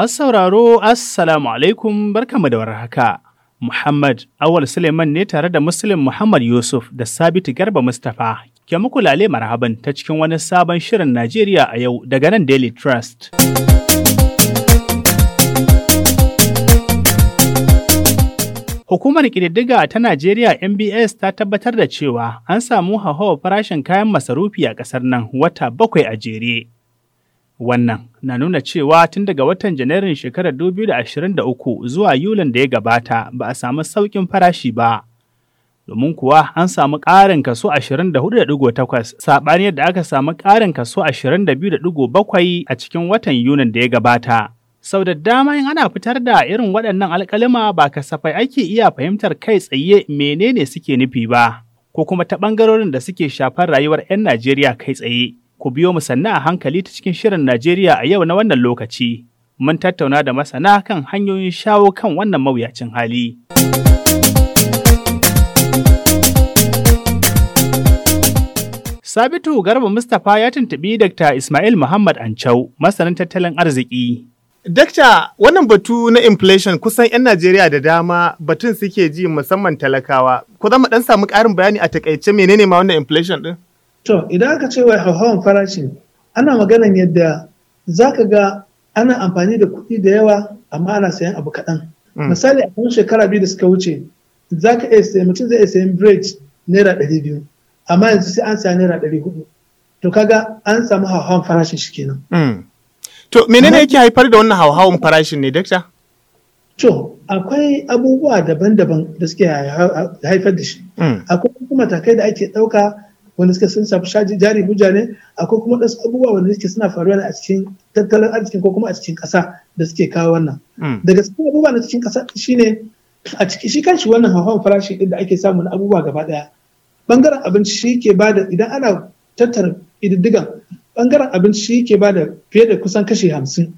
Masu sauraro, Assalamu alaikum barkanmu da warhaka. Muhammad Awal Suleiman ne tare da Muslim Muhammad Yusuf da Sabitu Garba Mustapha ke muku lale marhaban ta cikin wani sabon shirin Najeriya a yau daga nan Daily Trust. Hukumar ƙididdiga ta Najeriya MBS ta tabbatar da cewa an samu hauhawar farashin kayan masarufi a ƙasar nan wata bakwai a jere. Wannan na nuna cewa tun daga watan Janairun shekarar 2023 zuwa Yulin da ya gabata ba a samu sauƙin farashi ba. Domin kuwa an samu ƙarin kaso 24.8 saɓani yadda aka samu ƙarin kaso 22.7 a cikin watan Yunin da ya gabata. Sau da dama in ana fitar da irin waɗannan alƙalima ba kasafai ake iya fahimtar kai tsaye menene suke nufi ba, ko kuma ta ɓangarorin da suke shafar rayuwar 'yan Najeriya kai tsaye. ku biyo mu sannu a hankali ta cikin shirin Najeriya a yau na wannan lokaci. Mun tattauna da masana kan hanyoyin shawo kan wannan mawuyacin hali. Sabitu Garba Mustapha ya tuntuɓi Dr. Ismail Muhammad Ancau, masanin tattalin arziki. Dakta, wannan batu na inflation kusan 'yan Najeriya da dama batun suke ji musamman talakawa. Ku zama ɗan samu ƙarin bayani a takaice menene ma wannan inflation ɗin? To idan aka ce wa hauhawan farashi ana maganan yadda za ka ga ana amfani da kuɗi da yawa amma ana sayan abu kaɗan. Mm. Misali a kan shekara biyu da suka wuce za ka iya sayan mutum zai iya sayan bridge naira ɗari biyu amma yanzu sai an saya naira ɗari hudu. To kaga an samu hauhawan farashin shi kenan. Mm. To menene yake haifar da wannan hauhawan farashin ne dakta? To akwai abubuwa daban-daban da suke haifar da shi. Mm. Akwai kuma matakai da ake ɗauka wanda suka sun shafi shaji jari mujane akwai kuma wasu abubuwa wanda suke suna faruwa a cikin tattalin arzikin ko kuma a cikin kasa da suke kawo wannan hmm. daga cikin abubuwa na cikin ƙasa shine a ciki shi kanshi wannan hawan farashi din da ake samu na abubuwa gaba daya bangaren abinci shi ke bada idan ana tattara ididdigan bangaren abinci shi ke bada fiye da kusan kashi hamsin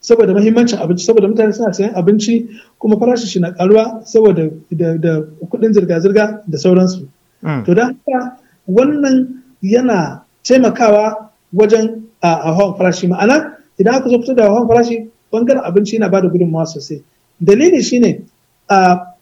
saboda mahimmancin abinci saboda mutane suna sayan abinci kuma farashi shi na karuwa saboda da kuɗin zirga-zirga da sauransu hmm. to da haka wannan yana taimakawa wajen a hawan farashi ma'ana idan aka zo fitar da hawan farashi bangaren abinci yana bada gudunmawa sosai dalili shine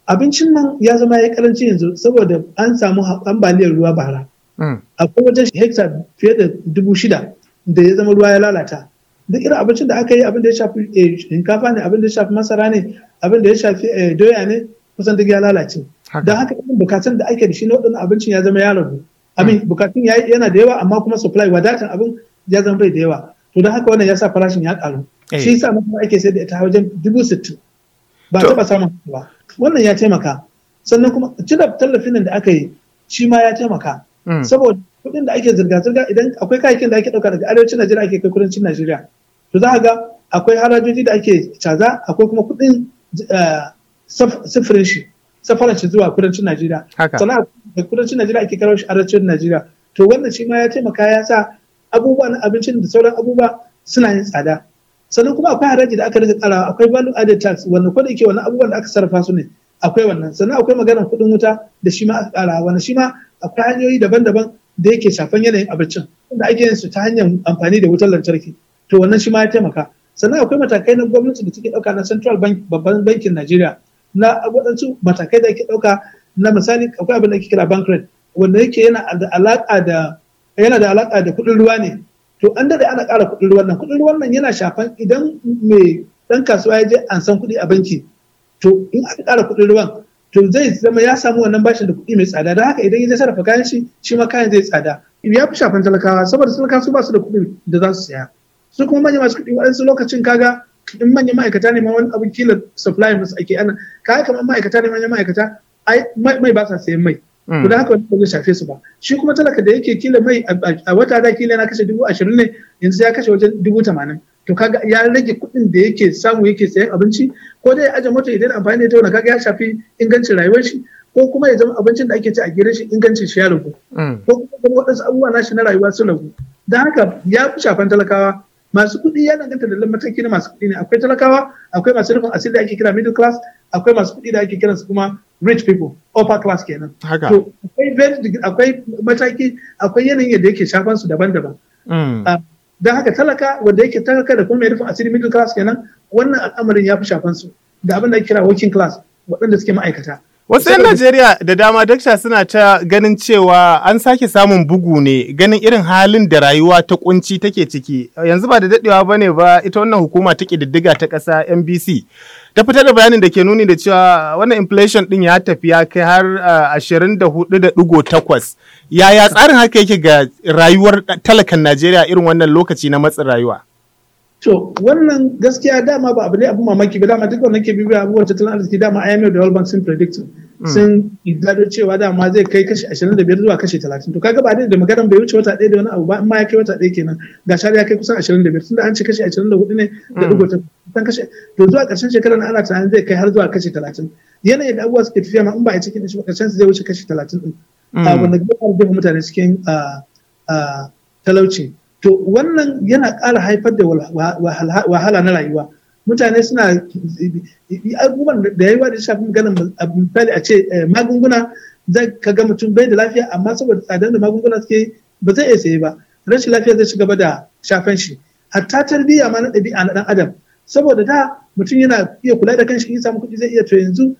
abincin nan ya zama ya karanci yanzu saboda an samu ambaliyar ruwa bara hmm. akwai wajen hekta fiye da dubu shida da ya zama ruwa ya lalata duk irin abincin da aka yi abin da ya shafi eh, shinkafa ne abin da ya shafi masara ne abin da ya shafi eh, doya ne kusan duk ya lalace don haka irin bukatun da ake da shi na waɗannan abincin ya zama ya ragu I mean hmm. bukatun yana da yawa amma kuma supply wadatan abin ya zama bai da yawa to don haka wannan ya sa farashin ya karu eh. shi yasa na kuma ake sayar da ita wajen dubu sittin ba taɓa samun ba wannan ya taimaka sannan kuma cire tallafin nan da aka yi shi ma ya taimaka hmm. saboda kuɗin da ake zirga-zirga idan akwai kayayyakin da ake ɗauka daga arewacin Najeriya ake kai kudancin Najeriya to za ga akwai harajoji da ake caza akwai kuma kuɗin eh, sufurin shi safaran shi zuwa kudancin Najeriya Sana'a da kudancin Najeriya ake karo shi arancin Najeriya to wannan shi ma ya taimaka ya sa abubuwa na abincin da sauran abubuwa suna yin tsada sannan kuma akwai haraji da aka rika tsara akwai value added tax wanda ko da yake wannan abubuwan da aka sarrafa su ne akwai wannan sannan akwai maganar kuɗin wuta da shi ma aka ƙara wannan shi ma akwai hanyoyi daban-daban da yake shafan yanayin abincin da ake yin su ta hanyar amfani da wutar lantarki to wannan shi ma ya taimaka sannan akwai matakai na gwamnati da take ɗauka na central bank babban bankin najeriya na waɗansu matakai da ake ɗauka na misali akwai abin da ake kira bank wanda yake yana da alaƙa da yana da alaƙa da kuɗin ruwa ne to an daɗe ana ƙara kuɗin ruwan nan kuɗin ruwan nan yana shafan idan mai ɗan kasuwa ya je an san kuɗi a banki to in aka ƙara kuɗin ruwan to zai zama ya samu wannan bashin da kuɗi mai tsada don haka idan ya je sarrafa kayan shi shi ma kayan zai tsada ya fi shafan talakawa saboda talakawa su ba su da kuɗi da za su saya su kuma manya masu kuɗi waɗansu lokacin kaga in manyan ma'aikata ne ma wani abin kila supply musu ake ana ka kamar ma'aikata ne manyan ma'aikata ai mai ba sa sayan mai ku hmm. da haka wani ba zai shafe su ba shi kuma talaka da yake kila mai a wata da kila yana kashe dubu ashirin ne yanzu ya kashe wajen dubu tamanin to kaga ya rage kuɗin da yake samu yake sayan abinci ko dai aje mota idan amfani ne ta wani kaga ya shafi ingancin rayuwar shi ko kuma ya zama abincin da ake ci a gidan shi ingancin shi ya ragu hmm. ko kuma waɗansu abubuwa na shi na rayuwa sun ragu don haka ya fi shafan talakawa masu kuɗi ya danganta da mataki na masu kuɗi ne akwai talakawa akwai masu rufin asiri da ake kira middle class akwai masu kuɗi da ake kiransu kuma rich people upper class kenan to akwai mataki akwai yanayin yadda yake shafan su daban-daban mm. ah, Da haka talaka wanda yake talaka da kuma mai rufin asiri middle class kenan wannan al'amarin ya fi shafan su da abin da ake kira working class waɗanda suke ma'aikata Wasu 'yan Najeriya da dama dakta suna ta ganin cewa an sake samun bugu ne ganin irin halin da rayuwa ta kunci take ciki. Yanzu ba da daɗewa ba ne ba ita wannan hukuma ta ƙididdiga ta ƙasa NBC. Ta fita da bayanin da ke nuni da cewa wannan inflation ɗin ya tafi ya kai har ah, ashirin da hudu Yaya tsarin haka yake ga rayuwar talakan Najeriya irin wannan lokaci na matsin rayuwa? to wannan gaskiya dama ba abu ne abu mamaki ba dama duk wanda ke bibiya abubuwan tattalin arziki dama IMF da World Bank sun predict hmm. sun gado cewa dama zai kai kashi 25 zuwa kashi 30 to kaga ba dai da maganar bai wuce wata ɗaya da wani abu ba amma ya kai wata ɗaya kenan ga shari'a ya kai kusan 25 tunda an ce kashi 24 ne da dubu tan kashi to zuwa ƙarshen shekarar ana tunanin zai kai har zuwa kashi 30 yanayin da abubuwa suke tafiya ma in ba a cikin shi ba ƙarshen zai wuce kashi 30 din gaba da mutane cikin ah, ah, talauci to wannan yana kara haifar da wahala na rayuwa mutane suna abubuwan da yawa da shafi maganin misali a ce eh, magunguna zai ka ga mutum bai da lafiya amma saboda tsadar da magunguna suke ba zai iya saye ba rashin lafiya zai shiga ba da shafan shi hatta tarbiyya ma na ɗabi'a na ɗan adam saboda da mutum yana iya kula da kanshi in samu kuɗi zai iya to yanzu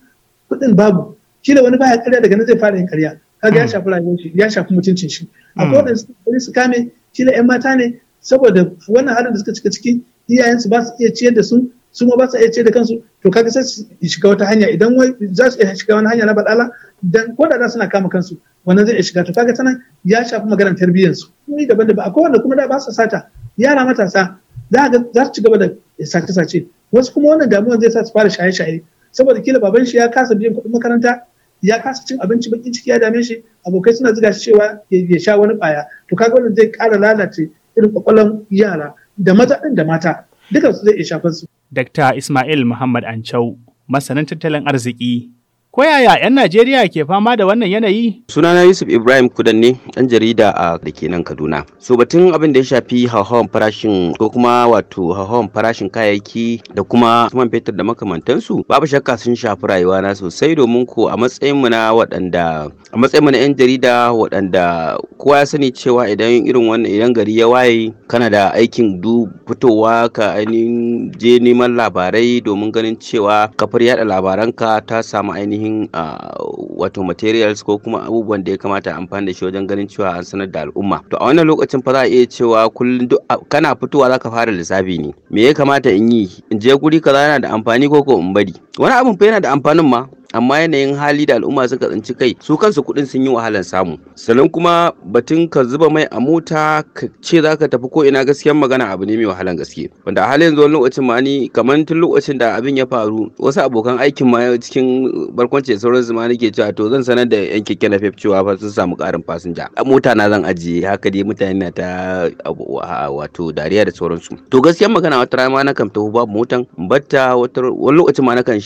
kuɗin babu kila wani baya karya daga nan zai fara yin karya kaga ya mm. shafi rayuwar shi ya shafi mutuncin shi a mm. wanda su kame kila 'yan mata ne saboda wannan halin da suka cika ciki iyayensu ba su iya ciyar da su su ma ba su iya ciyar da kansu to kaga sai su shiga wata hanya idan wai za su iya shiga wani hanya na badala dan ko da suna kama kansu wannan zai iya shiga to kaga tana ya shafi maganar tarbiyyar su ni daban daban akwai wanda kuma da ba su sata yara matasa za ga za su ci gaba da sace sace wasu kuma wannan damuwar zai sa su fara shaye shaye saboda kila baban shi ya kasa biyan kuɗin makaranta ya kasa cin abinci bakin ciki ya dame shi abokai suna ziga shi cewa ya sha wani ɓaya. to kaga wannan zai kara lalace irin kwakwalon yara da maza ɗin da mata dukansu zai iya shafar su. Dakta Ismail Muhammad Ancau masanin tattalin arziki Ko yaya 'yan Najeriya ke fama da wannan yanayi? Sunana Yusuf Ibrahim Kudanne, ɗan jarida a ah, da kenan Kaduna. So batun abin da ya shafi hauhawan farashin ko kuma wato hauhawan farashin kayayyaki da kuma man fetur da makamantansu babu shakka sun shafi rayuwa na sosai domin ko a matsayin mu na waɗanda a matsayin mu na 'yan jarida waɗanda kowa ya sani cewa idan irin wannan idan gari ya waye kana da aikin du fitowa ka ainihin je neman labarai domin ganin cewa kafar yada labaranka ta samu ainihin ainihin wato materials ko kuma abubuwan da ya kamata a amfani da shi wajen ganin cewa an sanar da al'umma to a wannan lokacin fa za a iya cewa kullum duk kana fitowa zaka fara lissafi ne me ya kamata in yi in je guri kaza yana da amfani ko ko in bari wani abun fa yana da amfanin ma amma yanayin hali da al'umma suka tsinci kai su kansu kuɗin sun yi wahalar samu sannan kuma batun ka zuba mai a mota ka ce za ka tafi ko ina gaskiyar magana abu ne mai wahalar gaske wanda a halin yanzu wani lokacin ma ni kamar tun lokacin da abin ya faru wasu abokan aikin ma cikin barkwanci da sauransu ma nake cewa to zan sanar da yan keke na cewa sun samu ƙarin fasinja a mota na zan ajiye haka dai mutane na ta wato dariya da sauransu to gaskiyar magana wata rana ma na kan tafi babu motan batta wani lokacin ma na kan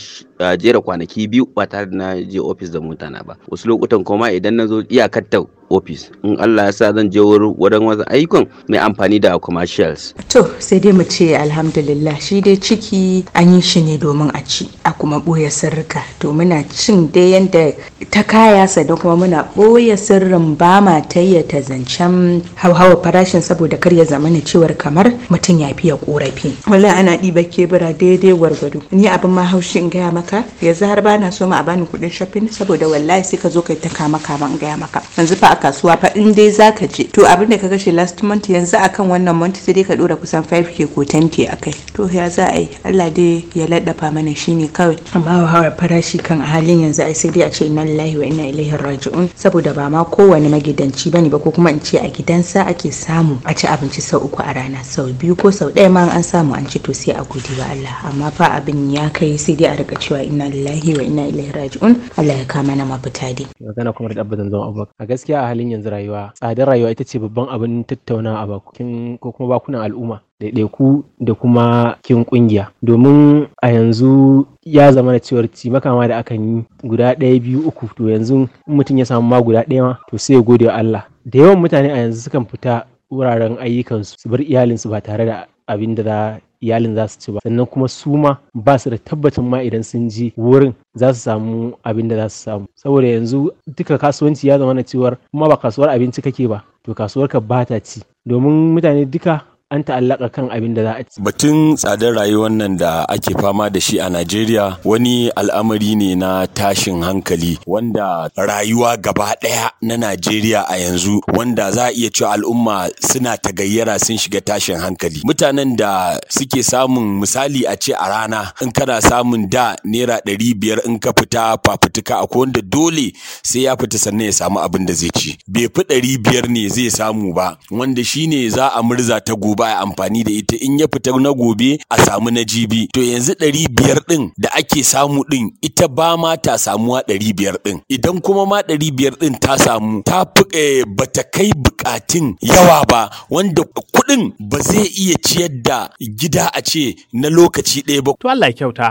jera kwanaki biyu ba tare da na je ofis da mutana ba wasu lokutan koma idan na zo iyakar tau ofis in Allah ya sa zan je wurin wasu ayyukan mai amfani da commercials to sai dai mu ce alhamdulillah shi dai ciki an yi shi ne domin a ci a kuma ɓoye sirrika to muna cin dai yadda ta kaya da kuma muna ɓoye sirrin ba ma tayyata zancen hauhawa farashin saboda kar ya zama cewar kamar mutum ya fiye korafi wallahi ana ɗiba kebura daidai gwargwado ni abin ma haushi in gaya maka yanzu har bana so ma a bani kuɗin shopping saboda wallahi sai ka zo kai ta kama kama in gaya maka yanzu fa kasuwa fa in dai ka je to abin da ka kashe last month yanzu akan wannan month sai dai ka dora kusan 5k ko 10k akai to ya za a yi Allah dai ya laddafa mana shine kawai amma hawa farashi kan halin yanzu ai sai dai a ce inna lillahi wa inna ilaihi raji'un saboda ba ma kowane magidanci bane ba ko kuma in ce a gidansa ake samu a ci abinci sau uku a rana sau biyu ko sau ɗaya ma an samu an ci to sai a gode wa Allah amma fa abin ya kai sai dai a rika cewa inna lillahi wa inna ilaihi raji'un Allah ya kama na mafita dai magana kuma da abin zan a gaskiya halin yanzu rayuwa tsadar rayuwa ita ce babban abin tattauna a bakin ko kuma bakunan al'umma ɗaiɗaiku da kuma kin kungiya domin a yanzu ya zama da cewar ci makama da akan yi guda ɗaya biyu uku to yanzu mutum ya samu ma guda ɗaya ma to sai ya gode wa Allah da yawan mutane a yanzu sukan fita wuraren ayyukansu su bar iyalinsu ba tare da abin da za iyalin za su ci ba sannan kuma su ma ba su da tabbacin ma idan sun ji wurin za su samu abin da za su samu saboda yanzu duka kasuwanci ya zama na cewar kuma ba kasuwar abinci kake ba to kasuwar ka ba ta ci domin mutane duka an ta'allaka kan abin da za a ci. Batun tsadar rayuwar nan da ake fama da shi a Najeriya wani al'amari ne na tashin hankali wanda rayuwa gaba ɗaya na Najeriya a yanzu wanda za a iya cewa al'umma suna tagayyara sun shiga tashin hankali. Mutanen da suke samun misali a ce a rana in kana samun da naira ɗari biyar in ka fita fafutuka a wanda dole sai ya fita sannan ya samu abin da zai ci. Bai fi ɗari biyar ne zai samu ba wanda shine za a murza ta gobe baya amfani da ita in ya fita na gobe a samu na jibi to yanzu ɗari biyar ɗin da ake samu ɗin ita ba ma ta samuwa ɗari biyar ɗin idan kuma ma ɗari biyar ɗin ta samu ta fi eh, bata kai bukatun yawa ba wanda kuɗin ba zai iya ciyar da gida a ce na lokaci ɗaya ba. To Allah kyauta.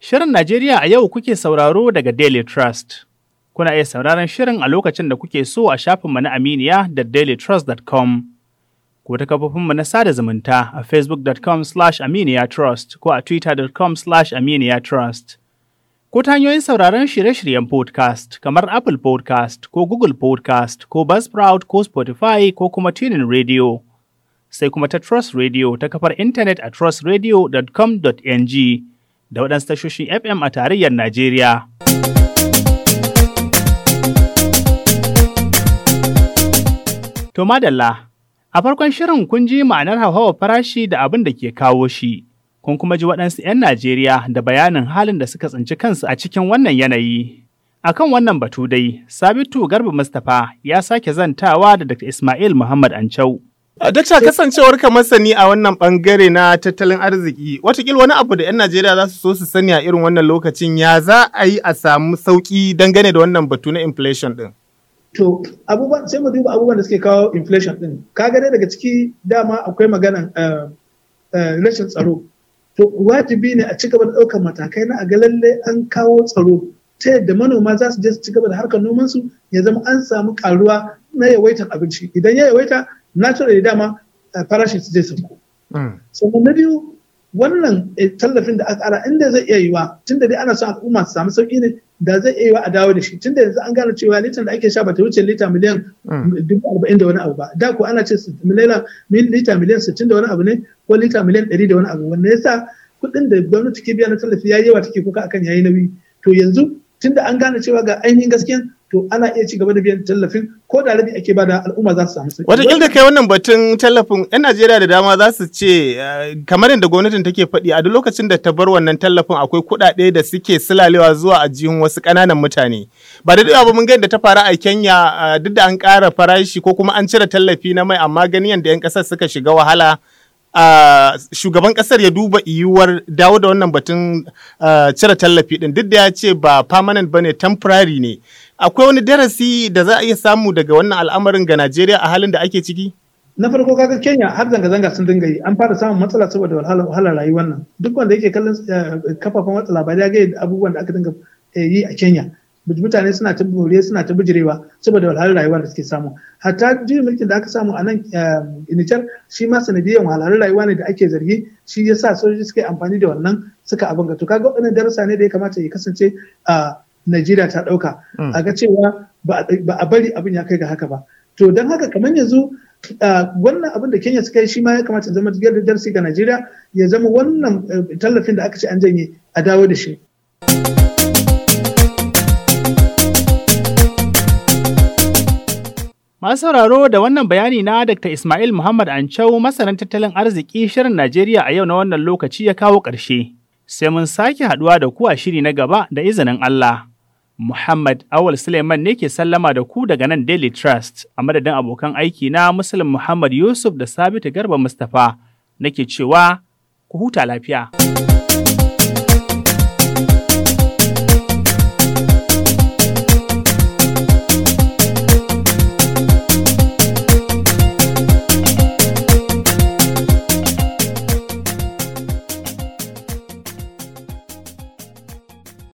Shirin Najeriya a yau kuke sauraro daga Daily Trust. Kuna iya sauraron shirin a lokacin da kuke so a shafinmu na Aminiya da dailytrust.com ko ta kafofinmu na sada zumunta a facebook.com slash aminiyatrust ko a twitter.com slash aminiyatrust. Ko ta hanyoyin sauraron shirye-shiryen podcast kamar Apple podcast ko Google podcast ko Buzzsprout ko Spotify ko kuma Tuning Radio. Sai kuma ta Trust Radio ta kafar intanet a trustradio.com.ng da waɗansu tashoshin FM a tarayyar Najeriya. To madalla, a farkon shirin kun ji ma'anar hauhawar farashi da abin da ke kawo shi. Kun kuma ji waɗansu 'yan Najeriya da bayanin halin da suka tsinci kansu a cikin wannan yanayi. A kan wannan batu dai, Sabitu Garba Mustapha ya sake zantawa da Dr. Ismail Muhammad Ancau. Dakta kasancewar ka masani a wannan bangare na tattalin arziki, watakila wani abu da 'yan Najeriya za su so su sani a irin wannan lokacin ya za a yi a samu sauki dangane da wannan batu na inflation ɗin. To abubuwan sai mu duba abubuwan da suke kawo inflation din. ka dai daga ciki dama akwai maganan eh, eh, rashin tsaro. To wajibi ne a cigaba da ɗaukar matakai na a lalle an kawo tsaro ta yadda manoma za su je su cigaba da harkar nomansu ya zama an samu karuwa na yawaitar abinci. Idan ya yawaita natural dama eh, farashin su zai sauko. Hmm. Sannan na biyu wannan eh, tallafin da aka ara inda zai iya yiwa tunda dai ana son al'umma su samu sauki ne da zai iya wa a dawo da shi tunda yanzu an gane cewa litan da ake sha bata wuce lita miliyan hmm. dubu arba'in da wani abu ba da ko ana ce lita miliyan sittin da wani abu ne ko lita miliyan ɗari da wani abu wanda sa kuɗin da gwamnati ke biya na tallafi ya yi yawa take kuka akan yayi nauyi to yanzu tunda an gane cewa ga ainihin gaskiya. to ana iya ci gaba da biyan tallafin ko da rabi ake bada al'umma za su samu sauki. wataƙila da kai wannan batun tallafin 'yan Najeriya da dama za su ce eh, kamar yadda gwamnatin take faɗi a duk lokacin da ta bar wannan tallafin akwai kuɗaɗe da suke silalewa zuwa jihun wasu ƙananan mutane. Ba da daɗewa ba mun gani da ta fara a Kenya eh, duk da an ƙara farashi ko kuma an cire tallafi na mai amma gani yadda 'yan ƙasar suka shiga wahala shugaban kasar ya duba yiwuwar dawo da wannan batun cire tallafi din duk da ya ce ba permanent bane temporary ne akwai wani darasi da za a iya samu daga wannan al'amarin ga Najeriya a halin da ake ciki na farko kaga Kenya har zanga-zanga sun dinga yi an fara samun matsala saboda wahalar rayuwar nan duk wanda yake kallon eh, kafafen watsa labarai ya ga abubuwan da aka dinga eh, yi a Kenya mutane suna ta more suna ta bijirewa saboda wahalar rayuwa da suke samu hatta juyin mulkin da aka samu a nan inichar eh, shi ma sanadiyan wahalar rayuwa ne da ake zargi shi ya sa sojoji suka yi amfani da wannan suka abin ga tuka kaga wannan darasa ne da ya kamata ya kasance a Najeriya ta ɗauka. Mm. a ga cewa ba a bari abin ya kai ga haka ba to don haka kamar yanzu wannan abin da Kenya suka yi shi ma ya kamata zama darasi ga Najeriya ya zama wannan eh, tallafin da aka ce an janye a dawo da shi. Masu sauraro da wannan bayani na Dr. Ismail Muhammad Ancau masanin tattalin arziki shirin Najeriya a yau na wannan lokaci ya kawo ƙarshe. Sai mun sake haɗuwa da ku a shiri na gaba da izinin Allah. Muhammad Awal Suleiman ne ke sallama da ku daga nan Daily Trust a madadin abokan aiki na Muslim Muhammad Yusuf da Sabitu Garba Mustapha nake cewa ku huta lafiya.